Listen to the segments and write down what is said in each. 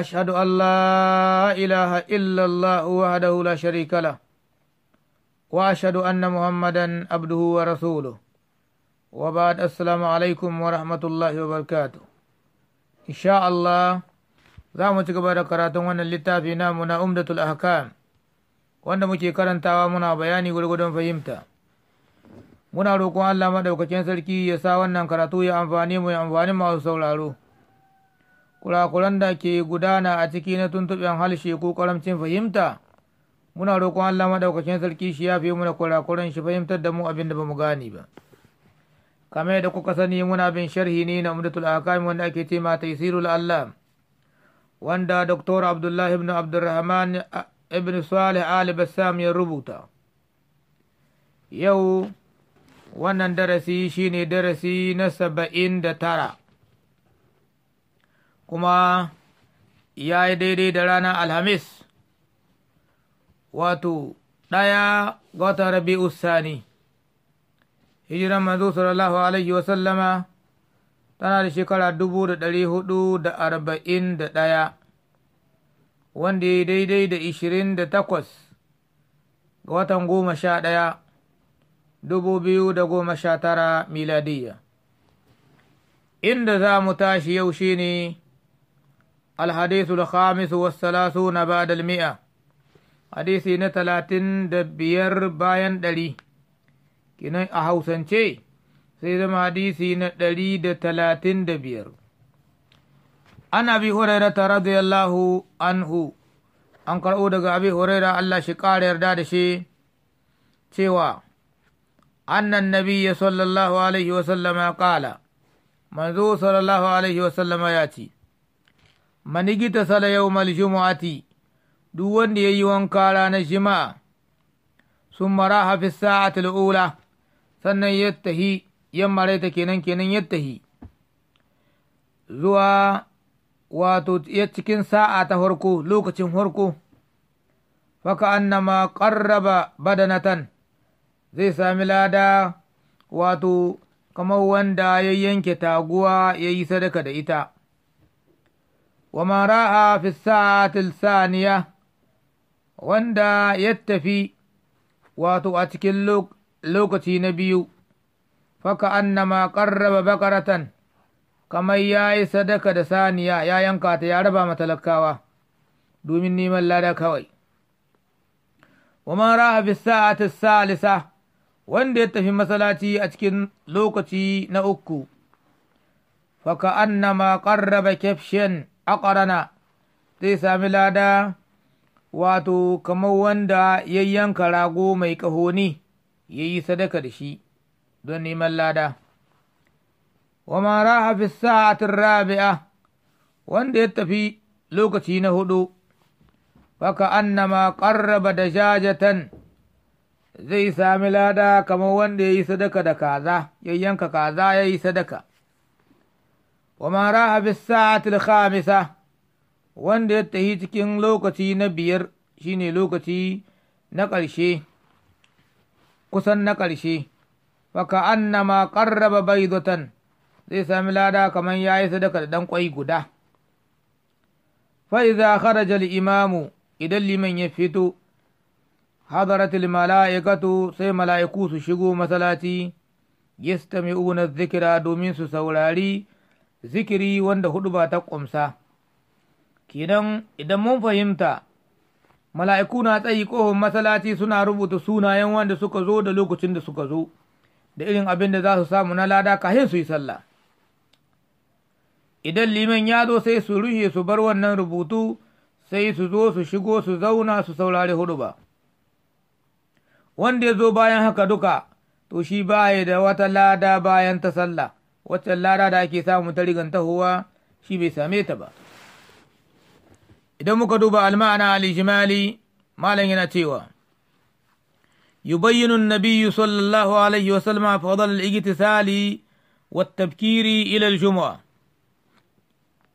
أشهد أن لا إله إلا الله وحده لا شريك له وأشهد أن محمدا عبده ورسوله وبعد السلام عليكم ورحمة الله وبركاته إن شاء الله za mu ci gaba da karatun wannan littafi namu na umdatul ahkam wanda muke karantawa muna bayani gwargwadon fahimta muna roƙon allah maɗaukakin sarki ya sa wannan karatu ya amfani mu ya amfani masu sauraro kurakuran da ke gudana a ciki na tuntuɓen halshe ko ƙaramcin fahimta muna roƙon Allah maɗaukacin sarki shi ya fi muna kurakuran shi fahimtar da mu abin da ba mu gane ba kamar yadda kuka sani muna bin sharhi ne na umdatul akami wanda ake ce ma taisirul Allah wanda Dr. Abdullahi ibn Abdurrahman ibn Salih Ali Bassam ya rubuta yau wannan darasi shine darasi na saba'in da tara kuma ya yi daidai da ranar alhamis wato ɗaya ga watan rabi sani hijiran manzo sallallahu alaihi wasallama tana da shekara dubu da ɗari hudu da arba'in da ɗaya wanda ya daidai da ishirin da takwas ga watan goma sha ɗaya dubu biyu da goma sha tara miladiyya inda za mu tashi yau shine ne الحديث الخامس والثلاثون بعد المئة حديثي نتلاتين دبير باين دلي كنا أهوسن شيء سيدم حديثي ندلي دتلاتين دبير عن أبي هريرة رضي الله عنه an karɓo daga abi huraira Allah shi ƙara yarda da shi cewa annan nabiyya sallallahu alaihi wasallama ƙala manzo sallallahu alaihi wasallama ya ce manigita sala yawmal jumu'ati duk wanda ya yi wanka ranar jima'a sun mara hafi sa'atul ula sannan ya tahi yamma ta kenan kenan ya tahi zuwa wato ya cikin sa'a ta farko lokacin farko faka annama ƙarraba badanatan zai sami lada wato kamar wanda ya yanke taguwa ya yi sadaka da ita wa mara'a fi sa'atil saniya wanda ya tafi wato a cikin lokaci na biyu faka annama karraba bakaratan kamar ya yi sadaka da saniya ya yanka ta ya raba matalakawa domin neman lada kawai wa mara'a fi sa'atil salisa wanda ya tafi masalaci a cikin lokaci na uku, faka annama ƙarraba kyafshen aƙarana zai sami lada wato kamar wanda ya yanka rago mai ƙahoni ya yi sadaka da shi don neman lada. Wama raha fi sa'atin rabi'a wanda ya tafi lokaci na hudu, faka annama ƙarraba da jajatan zai sami lada kamar wanda ya yi sadaka da kaza, ya yanka kaza ya yi sadaka. wa mara abis sa'atil khamisa wanda ya tahi cikin lokaci na biyar shine lokaci na ƙarshe kusan na ƙarshe faka annama ƙarraba baydatan zai sami lada kamar yayi yi sadaka da ɗan kwai guda fa'iza kharaja imamu idan liman ya fito hadaratul mala'ikatu sai mala'iku su shigo masalaci yastami'una zikira domin su saurari zikiri wanda hudu ba ta ƙumsa kinan idan mun fahimta mala'iku na tsayi ƙohon masalaci suna rubuta sunayen wanda suka zo da lokacin da suka zo da irin abin da za su samu na lada kahin su yi sallah idan liman ya zo sai su rushe su bar wannan rubutu sai su zo su shigo su zauna su saurari hudu ba wanda ya zo bayan haka duka to shi baya da wata lada bayan ta sallah waccan lara da ake samu ta rigan tahowa shi bai same ta ba idan muka duba alma'ana al malam yana cewa يبين النبي صلى الله عليه وسلم فضل wa Tafkiri ilal الجمعة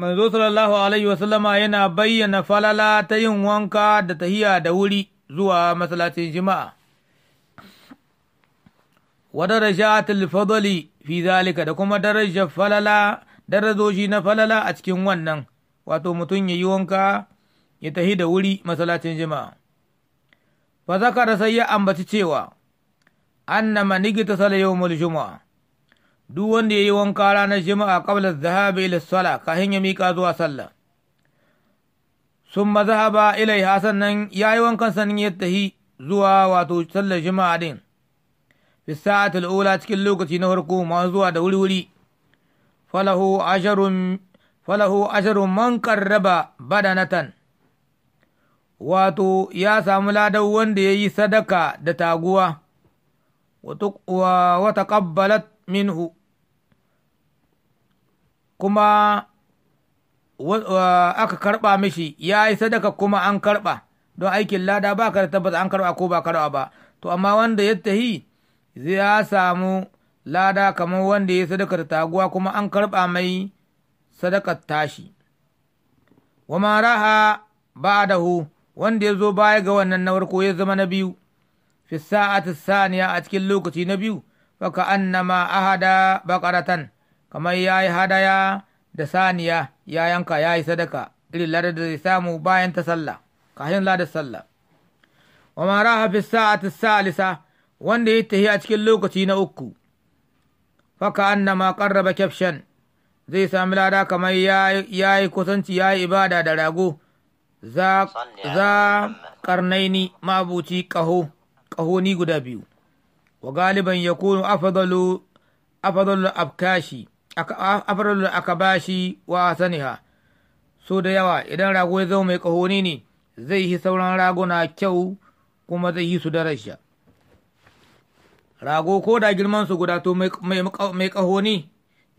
manzo sallallahu alaihi wasallama yana bayyana falala ta yin wanka da tahiya da wuri zuwa masallacin jima'a wa darajatul fadli fi zalika da kuma darajar falala darajoji na falala a cikin wannan wato mutum ya yi wanka ya tahi da wuri masallacin jima'a fa zakara sai ya ambaci cewa anna manigita sala yawmul juma'a duk wanda ya yi wanka ranar jima'a qabla dhahabi ila sala kafin ya mika zuwa sallah sun mazahaba ilai sannan ya yi wankan sannan ya tahi zuwa wato sallar jima'a din fi sa'atul cikin lokaci na farko ma zuwa da wuri-wuri falahu asharun man asharun bada qarraba wato ya samu ladan wanda ya yi sadaka da taguwa wa taqabbalat minhu kuma aka karɓa mishi ya yi sadaka kuma an karɓa don aikin lada ba ka da tabbata an karɓa ko ba karɓa ba to amma wanda ya tahi ya samu lada kamar wanda ya sadaka sadakar taguwa kuma an karɓa mai sadakar tashi. Wa maraha ba dahu wanda ya zo baya ga wannan na farko ya zama na biyu, fi sa'ati saniya a cikin lokaci na biyu, faka annama ahada bakaratan, kamar ya yi hadaya da saniya ya yanka ya yi sadaka, irin ladar da zai samu bayan ta sallah, kahin ladar sallah. Wa maraha fi sa'ati salisa wanda ya tahi a cikin lokaci na uku faka ma karraba kyafshan zai sami lada kamar ya yi kusanci ya yi ibada da rago za karnaini mabuci kaho kahoni guda biyu wa galiban ya kunu afadalu abkashi afadalu shi wa saniha so da yawa idan rago ya zama mai kahoni ne zai yi sauran raguna kyau kuma zai yi su da rasha. rago ko da girmansu guda to mai ƙahoni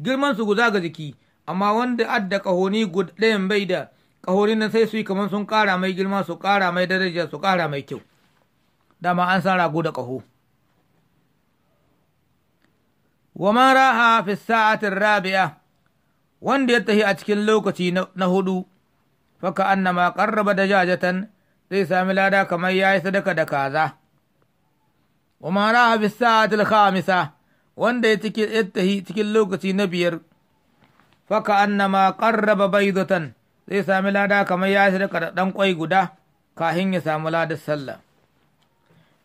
girmansu guda ga jiki amma wanda adda ƙahoni ɗayan bai da ƙahoni nan sai su yi kamar sun kara mai girma su ƙara mai daraja su ƙara mai kyau dama an san rago da ƙaho wa man raha fi sa'atin rabi'a wanda ya tafi a cikin lokaci na hudu faka annama qarraba dajajatan zai sami lada kamar yayi sadaka da kaza wa ma'ana fi sa'atil khamisa wanda ya tahi cikin lokaci na biyar faka annama qarraba baydatan zai sami lada kamar ya sadaka da ɗan kwai guda kahin ya samu ladar sallah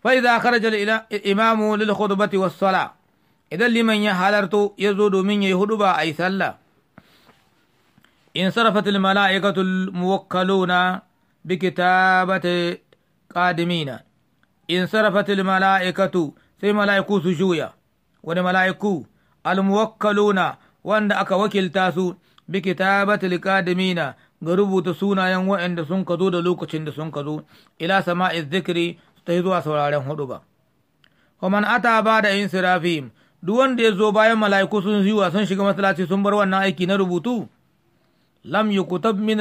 fai idza kharaja al-imamu lil khutbati sala idan liman ya halarto ya zo domin ya ba huduba yi sallah in sarafatil mala'ikatul muwakkaluna bi ta qadimina in sarafatil mala'ikatu sai mala'iku su juya, wani mala'iku almuwakkaluna wanda aka wakilta su bi kitabatil kadimina ga rubuta sunayen waɗanda sun kazo da lokacin da sun kazo zo ila sama'iz zikiri su ta zuwa sauraren hudu ba. Kwaman ata ba da in sirafim duk wanda ya zo bayan mala'iku sun zuwa sun shiga masallaci sun bar wannan aiki na rubutu lam yukutab min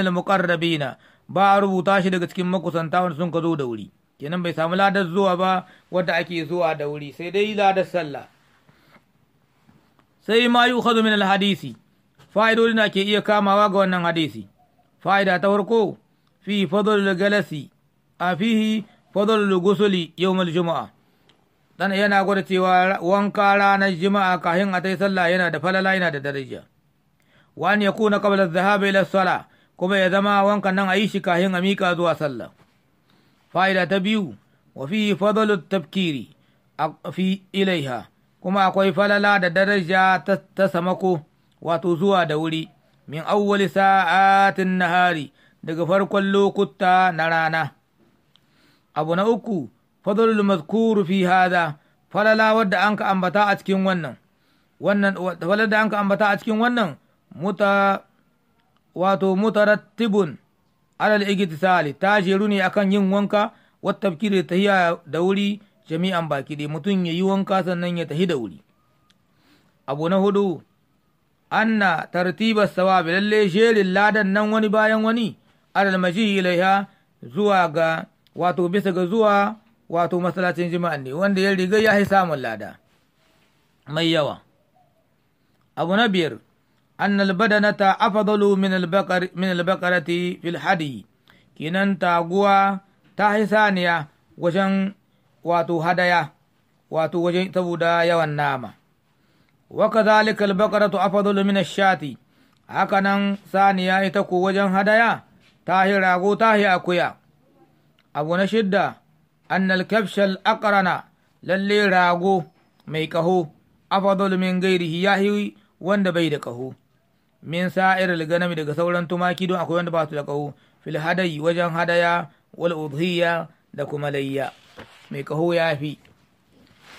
al-muqarrabina ba a rubuta shi daga cikin makusanta wanda sun ka da wuri. kenan bai samu ladar zuwa ba wadda ake zuwa da wuri sai dai ladar sallah sai ma yi yukhadhu min alhadisi fa'idodin da ke iya kamawa ga wannan hadisi fa'ida ta farko fi fadlul galasi a fihi fadlul gusuli yawmul juma'a dan yana gwada cewa wanka ranar juma'a kafin a tai sallah yana da falala yana da daraja wani ya kuna qabla adh-dhahab ila as kuma ya zama wanka nan a yi shi kahin a mika zuwa sallah fa'ida ta biyu wa fi fadlu tafkiri fi ilaiha kuma akwai falala da daraja ta samako wato zuwa da wuri min awwali sa'atin nahari daga farkon lokuta na rana abu na uku fadalul mazkuru fi hada falala wadda an ka ambata a cikin wannan wannan falala an ambata a cikin wannan wato mutarattibun alal igtisali ta jeru ne akan yin wanka wata da tahiya da wuri jami'an baki dai mutum ya yi wanka sannan ya tahi da wuri abu na hudu anna tartibar sawa lalle jerin ladan nan wani bayan wani alal maji ilaiha zuwa ga wato bisa ga zuwa wato masallacin jima'an ne wanda ya riga ya samun lada mai yawa abu na biyar an albadanata afadalu min albakarati fil hadi taguwa ta saniya wajen wato hadaya wato saboda yawan nama waka zalika albakaratu afadalu min ashati haka nan saniya ita ko wajen hadaya ta yi rago ta yi akuya abu na shidda an alkafshal akarana lalle rago mai kaho afadalu min gairihi ya wanda bai da kaho min sa'ir ganami daga sauran tumaki don akwai wanda ba su da kaho fil hadayi wajen hadaya wal udhiya da kuma layya mai kaho ya fi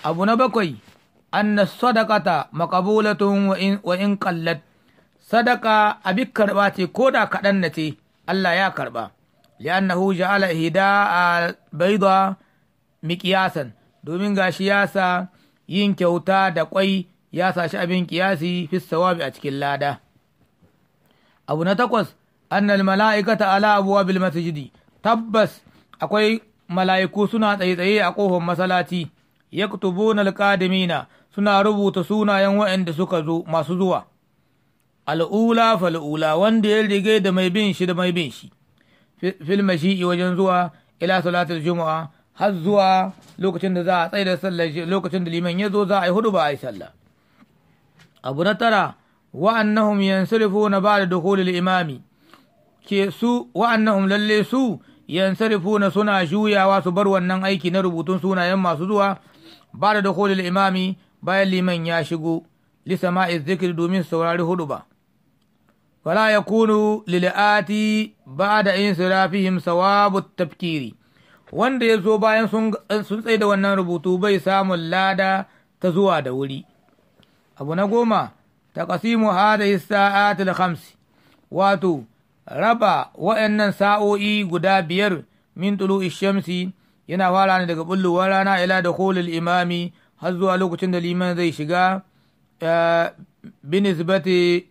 abu na bakwai anna sadaqata maqbulatun wa in wa in qallat sadaqa abi karba ce ko da kaɗan na ce Allah ya karba li'annahu ja'ala hida'a bayda miqyasan domin gashi ya sa yin kyauta da kwai ya sa shi abin kiyasi fi sawabi a cikin lada abu na takwas annal mala'ikata ala abuwa bil masjidi tabbas akwai mala'iku suna tsaye-tsaye a ƙofar masalaci yaktubuna alqadimina suna rubuta sunayen waɗanda suka zo masu zuwa al'ula fal'ula wanda ya rige da mai bin shi da mai bin shi shi mashi'i wajen zuwa ila salatul juma'a har zuwa lokacin da za a tsaye da sallar lokacin da liman ya zo za a yi hudu ba a yi sallah abu na tara wa'annahum yansurifuna ba'da dukhulil imami ke su wa'annahum lalle su yansarifuna suna shuyawa su bar wannan aiki na rubutun sunayen masu zuwa ba da dakolil imami bayan liman ya shigo lisama'i zikiri domin saurari hudu ba yakunu ya kunu lil'ati ba da insirafihim sawabu tafkiri wanda ya zo bayan sun tsaye da wannan rubutu bai samun lada ta zuwa da wuri abu na goma taqsimu hadhihi sa'at al-khams wato raba waɗannan sa'o'i guda biyar min tulu'i shamsi yana fara ne daga bullowar rana ila da kolil imami har zuwa lokacin da liman zai shiga eh, binisbati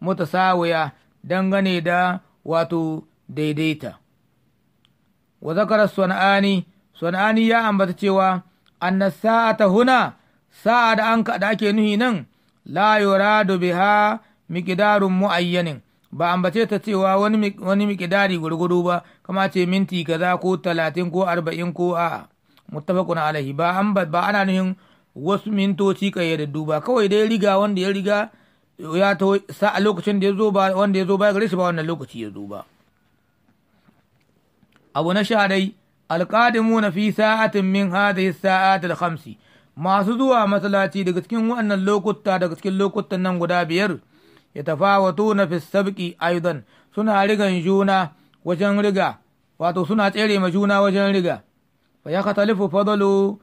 mutasawiya dangane da wato daidaita wa zakara sun'ani ya ambata cewa annas sa'ata huna sa'a da an da ake nuhi nan la yuradu biha miqdarun muayyanin ba ambace ta cewa wani mikidari miqdari gurgudu ba kama ce minti kaza ko talatin ko arba'in ko a muttafaqun alaihi ba an ba ana nuhin wasu mintoci kayyadaddu ba kawai dai riga wanda ya riga ya ta sa a lokacin da ya zo ba wanda ya zo ba gare shi ba wannan lokaci ya zo ba abu na sha dai alqadimuna fi sa'atin min hadhihi sa'at khamsi masu zuwa masallaci daga cikin waɗannan lokuta daga cikin lokutan nan guda biyar ya tafawato na fisabki aidan suna rigan juna wajen riga wato suna tsere ma juna wajen riga fa ya katalifu fadalu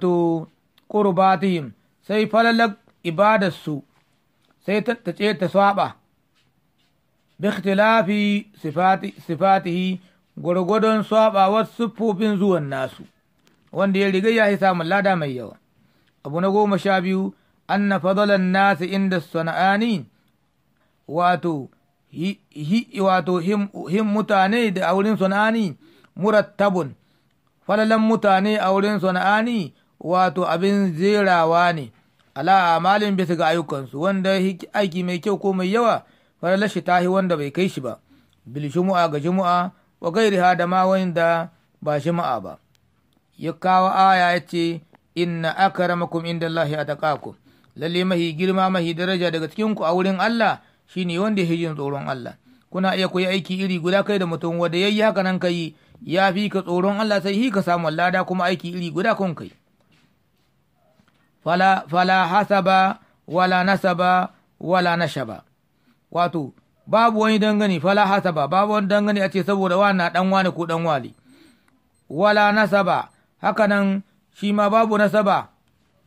to qurbatihim sai falalak ibadarsu sai ta ce ta saba bi ikhtilafi sifatihi gwargwadon saba wasu siffofin zuwan nasu wanda ya riga ya yi samun lada mai yawa abu na goma sha biyu an anna fadalan nasu inda sana'ani wato wato him mutane da a wurin sana'ani murattabun falalan mutane a aurin sana'ani wato abin zerawa ne ala amalin bisa ga ayyukansu wanda aiki mai kyau ko mai yawa falalar shi ta wanda bai kai shi ba bil shumu'a ga shumu'a wa ha da ma wanda ba shumu'a ba ya kawo aya ya ce inna akramakum indallahi ataqakum lalle mahi girma mahi daraja daga cikin ku a wurin Allah shi ne wanda ya jin tsoron Allah kuna iya koyi aiki iri guda kai da mutum wanda yayi haka nan kai ya fi ka tsoron Allah sai hi ka samu lada kuma aiki iri guda kun kai fala fala hasaba wala nasaba wala nashaba wato babu wani dangane fala hasaba babu wani dangane a ce saboda wani na dan wani ko dan wali wala nasaba hakanan shi ma babu nasaba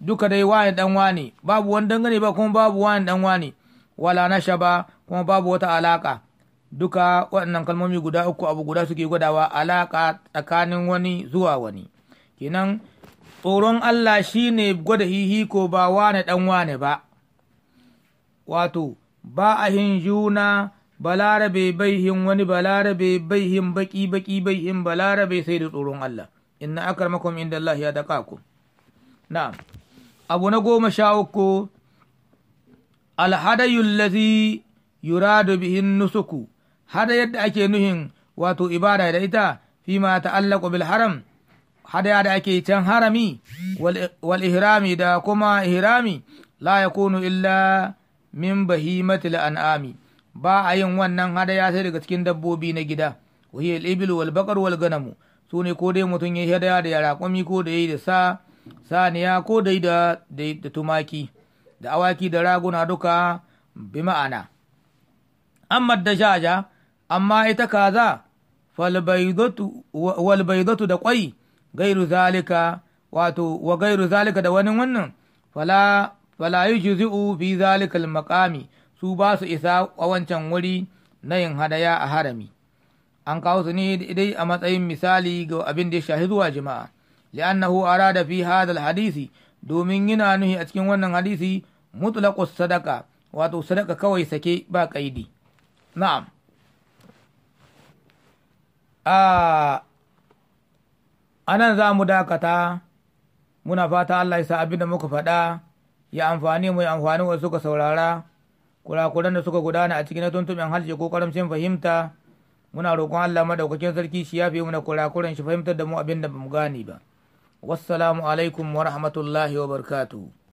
duka dai wani dan wani babu wani dangane ba kuma babu wani dan wani wala shaba kuma babu wata alaka duka waɗannan kalmomi guda uku abu guda suke gwadawa alaka tsakanin wani zuwa wani kenan tsoron Allah shine gwada hihiko ba wane dan wane ba wato ba a hin juna balarabe baihin wani balarabe baihin baki baki baihin balarabe sai da tsoron Allah inna akramakum indallahi ya na'am abu na goma sha uku alhadayu allazi yuradu bihin nusuku hadayar da ake nuhin wato ibada da ita fi ma ta'allaqu bil haram hadaya da ake can harami wal ihrami da kuma ihrami la yakunu illa min bahimatil an'ami ba a yin wannan hadaya sai daga cikin dabbobi na gida wahiyal ibil wal baqar wal ganamu su ne ko dai mutum ya shada da raƙumi ko da yi da sa saniya ko da yi da tumaki da awaki da raguna duka bi ma'ana amma da shaja amma ita kaza falbaidatu da kwai gairu zalika wato wa gairu zalika da wani wannan fala fala yujzi'u fi zalikal maqami su ba su isa a wancan wuri na yin hadaya a harami an kawo su ne dai a matsayin misali ga abin da ya shahi zuwa jama'a li'annahu arada fi hadal hadisi domin yana nuhi a cikin wannan hadisi mutlaqus sadaka wato sadaka kawai sake ba kaidi na'am a anan za mu dakata muna fata Allah ya sa abin da muka faɗa ya amfani mu ya amfani wasu suka saurara kurakuran da suka gudana a cikin na tuntuɓin halshe ko karamcin fahimta muna roƙon Allah madaukakin sarki shi yafe kura kurakuran shi fahimtar da mu abin da bamu gane ba wassalamu alaikum wa rahmatullahi wa barakatuhu